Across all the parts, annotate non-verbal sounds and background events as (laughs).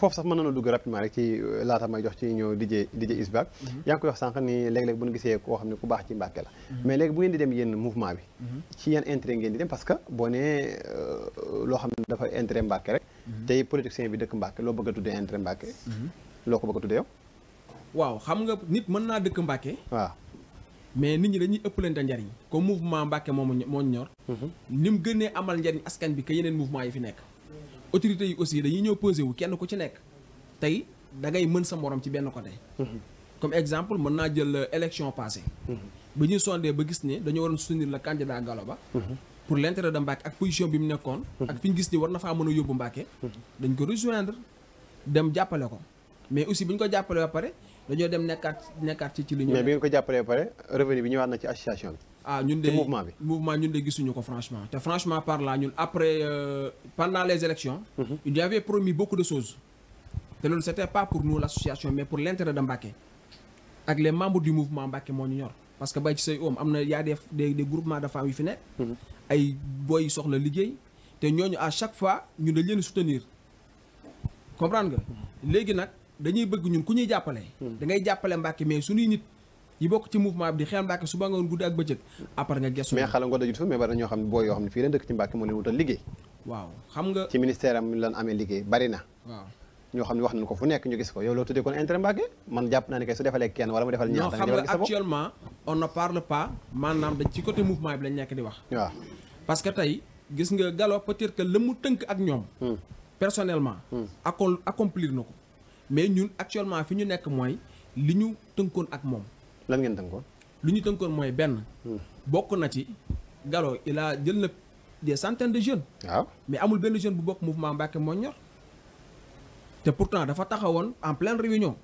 foofu sax mën nañoo dugg rapidement rek ci euh, laata may jox ci ñëw DJ DJ Isbak mhm. yaa ngi koy wax sànq ni léeg-léeg bu ñu gisee koo xam ne ku baax ci Mbàkke la mhm. mais léegi bu ngeen di dem yéen mouvement bi mhm. ci yan intérêt parce que boo nee euh, loo xam ne dafa intre Mbàkke rek tey politicien bi dëkk Mbàkke loo bëgg a tuddee intérêt Mbàkke loo ko bëgg a tuddee yow waaw xam nga nit mën naa dëkk Mbàkke waaw mais nit ñi dañuy ëppalante njariñ comme mouvement Mbàkke moom moo ñor ni mu gënee amal njariñ askan bi que yeneen mouvement yi fi nekk autorité yi aussi dañuy ñëw posé wu kenn ku ci nekk tey dangay mën sa moroom ci benn ko côté. comme exemple mën naa jël élection passée. ba ñu sondé ba gis ne dañoo waroon la le candidat Gallo Ba. pour l' intérêt de Mbacké ak position bi mu nekkoon. ak fi ñu gis ni war na faa mën a yóbbu Mbacké. dañ ko rejoindre dem jàppale ko mais aussi bu ñu ko jàppale ba pare dañoo dem nekkaat nekkaat ci ci li ñu. mais bi ko jàppalee ba pare revenu bi ñëwaat na ci association ah ñun de mouvement bi mouvement ñun de gisuñu ko franchement te franchement par là ñun après euh, pendant les élections mhm. il y avait promis beaucoup de choses te loolu c'était pas pour nous l'association mais pour l'intérêt de Mbacké ak les membres du mouvement Mbacké moo ñu ñor parce que bay ci say oom am na yaa def des des groupements de femmes yu fi nekk mhm. ay booy soxla liggéey te ñooñu à chaque fois ñun dañ leen soutenir comprendre nga mhm. léegi nag dañuy bëgg ñun ku ñuy jàppale da yi bokk ci mouvement bi di xeex Mbàkke suba ngoon guddi ak bëccëg après nga gestu mais xala ngo dajut fa mais bari ñoo xam ne boo yoo xam ne fii leen dëkk ci Mbàkke moo liggéey waaw xam nga ci ministère am lan amee liggéey bari ñoo xam ne wax nañ ko fu nekk ñu gis ko yow loo tuddee kon intérêt Mbàkke man jàpp naa ne kay su defalee kenn wala mu defal ñaar xam nga actuellement on ne bi lañ nekk di wax waaw parce que tey gis nga Gallo peut-être que la mu tënk hmm. Hmm. na ko mais ñun actuellement fi ñu nekk mooy li ñu tënkoon ak moom lan ngeen tënkoon. lu ñu tënkoon mooy benn. Hmm. bokk na ci Gallo il a jël na des centaines de jeunes. waaw mais amul benn jeune bu bokk mouvement Mbacké moo ñor. te pourtant dafa taxawoon en pleine réunion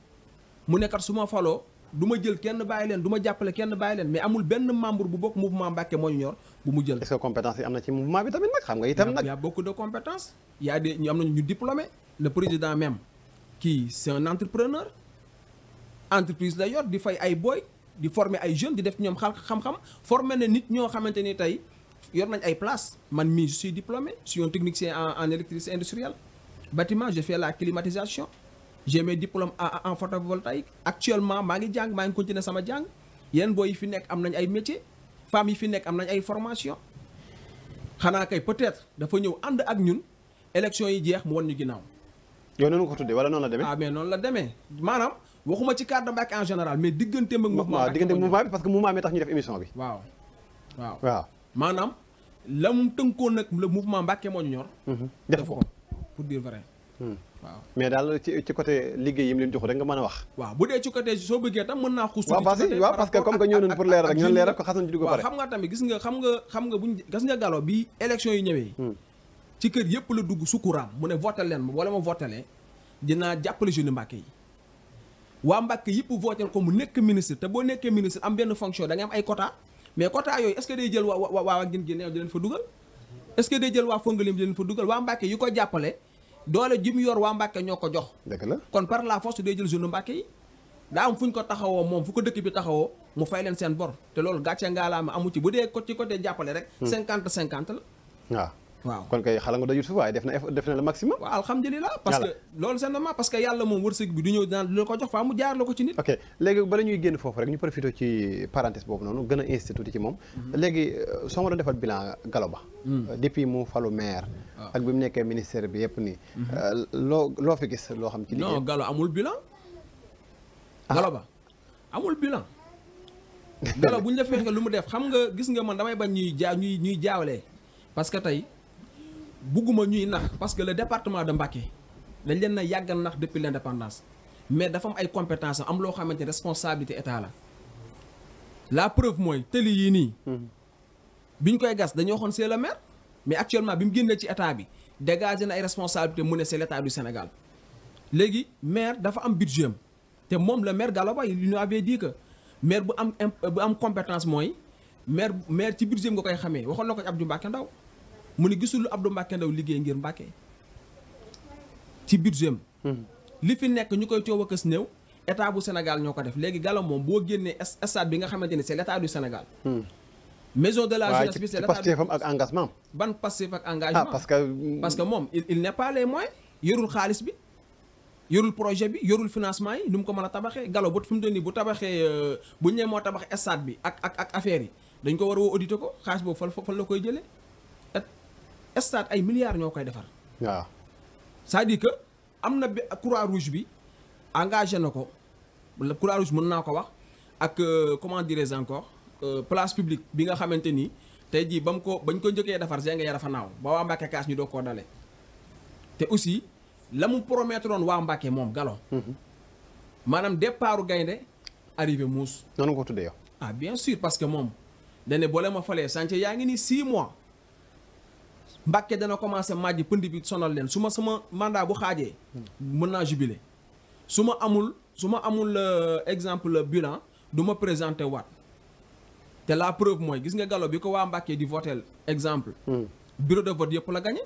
mu nekkat su ma faloo du ma jël kenn bàyyi leen du ma jàppale kenn bàyyi leen mais amul benn membre bu bokk mouvement Mbacké moo ñu ñor bu mu jël. est-ce que compétence yi am na ci mouvement bi tamit nag xam nga itam nag. y a beaucoup de compétences. y a des ñu am nañu ñu diplômé le président même kii c'est un entreprise la di fay ay boy di former ay jeunes di def ñoom xal xam-xam former na nit ñoo xamante ni tey yor nañ ay place man mii je suis diplômé je suis un technicien en en électricité industrielle bâtiment j'ai fait la climatisation j'ai mes diplômes en en photovoltaïque actuellement maa ngi jàng maa ngi continuer sama jàng yeneen booy yi fi nekk am nañ ay métiers femmes yi fi nekk am nañ ay formation xanaa kay peut-être dafa ñëw ànd ak ñun élection yi jeex mu wan ñu ginnaaw. yow noonu ko tuddee wala noonu la demee ah mais noonu la demee maanaam waxuma ci cadre Mbacké en général mais diggante mag mouvement waaw diggante mouvement bi parce que la mu tënkoon nag le moo ñu ñor mhm. def ko pour dire vrai hmm. mais daal ci ci liggéey yi mu leen rek nga mën a wax waaw bu dee ci côté soo bëggee tam mën naa xuus waaw parce que ko xas xam nga tamit gis nga xam nga xam nga buñ gis nga bi élection yi ñëwee hmm. ci kër yëpp la dugg sukuraam mu ne voté leen ma wala ma voté leen dinaa jàppale jeune Mbàkke yi waa Mbàkke yëpp voté ko mu nekk ministre te boo nekkee ministre am benn fonction da am ay quota mais quota yooyu est-ce que day jël waa waa waa gin leen fa dugal que day jël waa Fongolim di leen fa dugal waa Mbàkke yi ko jàppale doole ji mu yor waa Mbàkke ñoo ko jox dëgg la kon par la force day jël jeune Mbàkke yi daa am fu ñu ko taxawoo moom fu ko dëkk bi taxawoo mu fay leen seen bor te loolu gàcce ngaalaama amu ci bu dee ko ci côté jàppale rek hmm. cinquante cinquante la waaw waaw kon kay xala nga doyut fi waaye def na def na le maximum waaw alhamdulilah parce que loolu c'est normal parce yàlla moom wërsëg bi du ñëw dinaan du ko jox faa mu jaar la ko ci nit ok léegi bala ñuy génn foofu rek ñu profité ci parenthèse boobu noonu gën a institut ci moom mhm. léegi euh, soo ma doon defal bilan galo Ba hmm. euh, depuis mu falu maire ah. ak bi mu nekkee ministère bi yëpp nii mhm. euh, loo loo fi gis loo xam ci liggéey non Gallo amul bilan ah. Gallo Ba amul bilan Gallo (laughs) bu ñu defee nga lu mu def xam nga gis nga man damay bañ ñuy jaa ñuy ñuy jaawalee parce que tey bëgguma ñuy nax parce que le département de Mbacké dañ leen na yàggal nax depuis l'indépendance mais dafa am ay compétence am loo xamante ne responsabilité état la la preuve mooy tëli yii nii biñ koy gas dañoo waxoon c'est le maire mais actuellement bi mu génnee ci état bi dégagé na ay responsabilité mu ne c'est l'état du Sénégal léegi maire dafa am budget te moom la maire Galaba il nous avait dit que maire bu am bu am compétence mooy maire maire ci budget am nga koy xamee waxoon na ko Abdou Mbacké Ndaw mu ne gisul lu Abdou Mbacke Ndaw liggéey ngir Mbacke ci budget hmm. li fi nekk ñu koy coow a kës néew état bu Sénégal ñoo ko def léegi gàllam moom boo génnee stade bi nga xamante ni c'est l'état du Sénégal. Hmm. maison de la jeunesse bi c'est l'état ak engagement ban passif ak engagement. Ah, parce que hmm. parce que moom il n'est pas xaalis bi. yorul projet bi yorul financement yi ni mu ko mën a tabaxee galo ba fi mu toll nii bu tabaxee euh, bu ñëwee moo tabax stade bi ak ak ak affaire yi dañ ko war a woo auditer ko xaalis boobu fan fan la koy jëlee. stade ay milliards ñoo koy defar. waaw cest à que am na croix rouge bi engage na ko la rouge mën naa ko wax ak euh, comment dirais-je encore euh, place publique bi nga xamante ni tey jii ba mu ko bañ ko njëkkee defar zeng ya dafa naaw ba waa Mbàkke kaas ñu doo koo dale te aussi la mu promettre woon waa Mbàkke moom galon mhm. maanaam départu gaynde arrivé muus. noonu ko tuddee yow. ah bien sûr parce que moom dane boole ma falee chantier yaa ngi ni 6 mois. Mbàkke dana commencé màjj pënd bi sonal leen su ma sama mandat bu xaajee mën naa jubiler su ma amul su ma amul euh, exemple bilan du ma présenté waat te la preuve mooy gis nga Gallo bi ko waa Mbàkke di votel exemple hmm. bureau de vote yëpp la gagné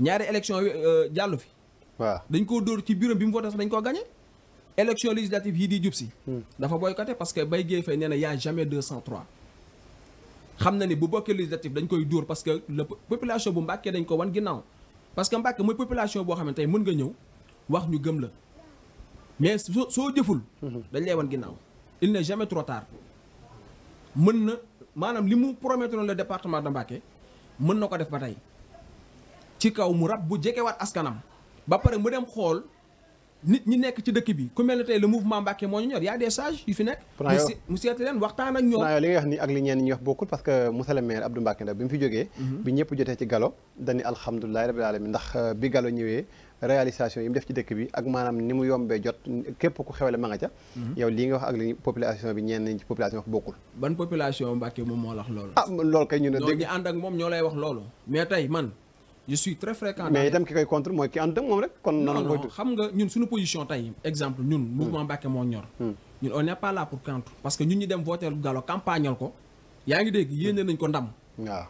ñaari élection euh, jàllu fi waa dañ koo dóor ci bureau bi mu voté sax dañ koo gagné élection législative yii di jub si hmm. dafa boycotté parce que Baye Gueye Faye nee na y a xam na ni bu bokkee législatif dañ koy duur parce que la population bu Mbàkke dañ ko wan ginnaaw parce que Mbàkke mooy population boo xam ne tey mën nga ñëw wax ñu gëm la mais soo soo jëful. Mhm. dañ lay wan ginnaaw il n'est jamais trop tard mën na maanaam li mu promettre le département de Mbàkke mën na ko def ba tey ci kaw mu rab bu jegewaat askanam ba pare mu dem xool. nit ñi nekk ci dëkk bi ku mel ne tey le mouvement Mbacké moo a des mu ni ak li ñeen ñi wax bokkul parce que monsieur le maire fi mhm. ñëpp jotee galo dañu alhamdulilah rabbil alamin ndax euh, bi galo ñëwee. réalisation yi def ci dëkk bi ak maanaam ni mu yombee jot képp ku xewle ma nga ca mhm. yow lii nga wax ak li population bi ñenn ñi ci population wax bokkul population Mbàkke moom moo wax loolu ah loolu kay ñu ne dégg ak moom ñoo lay wax loolu mais tay man je suis très fréquent. mais itam ki koy contre mooy ki ànd ak moom rek. kon nan koy xam nga ñun suñu position tey exemple ñun. Hmm. mouvement Mbacké moo ñor. Hmm. ñun on n'est pas pour contre. parce que ñun ñu dem voté galo campagnol ko yaa ngi dégg yéene nañ ko ndam. waaw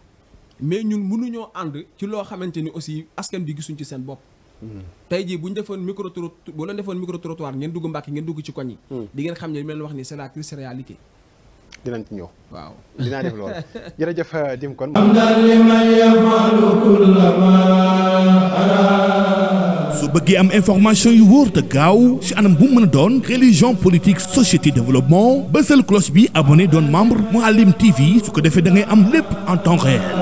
mais ñun mënuñoo ànd ci loo xamante ni aussi askan bi gisuñ ci seen bopp. Hmm. tey jii bu ñu defoon micro trottoir bu leen defoon micro trottoir ngeen dugg Mbacké ngeen dugg ci koñ yi. di ngeen xam ne li ma leen wax ni c'est dinañ ci ñëw waaw dinaa def loolu (laughs) jërëjëf euh, dim kon su bëggee am information yu wóor te gaaw si anam bu mën a doon religion politique société développement bësal cloche bi abonné doon membre mu Mouhalim TV su ko defee da ngay am lépp en temps réel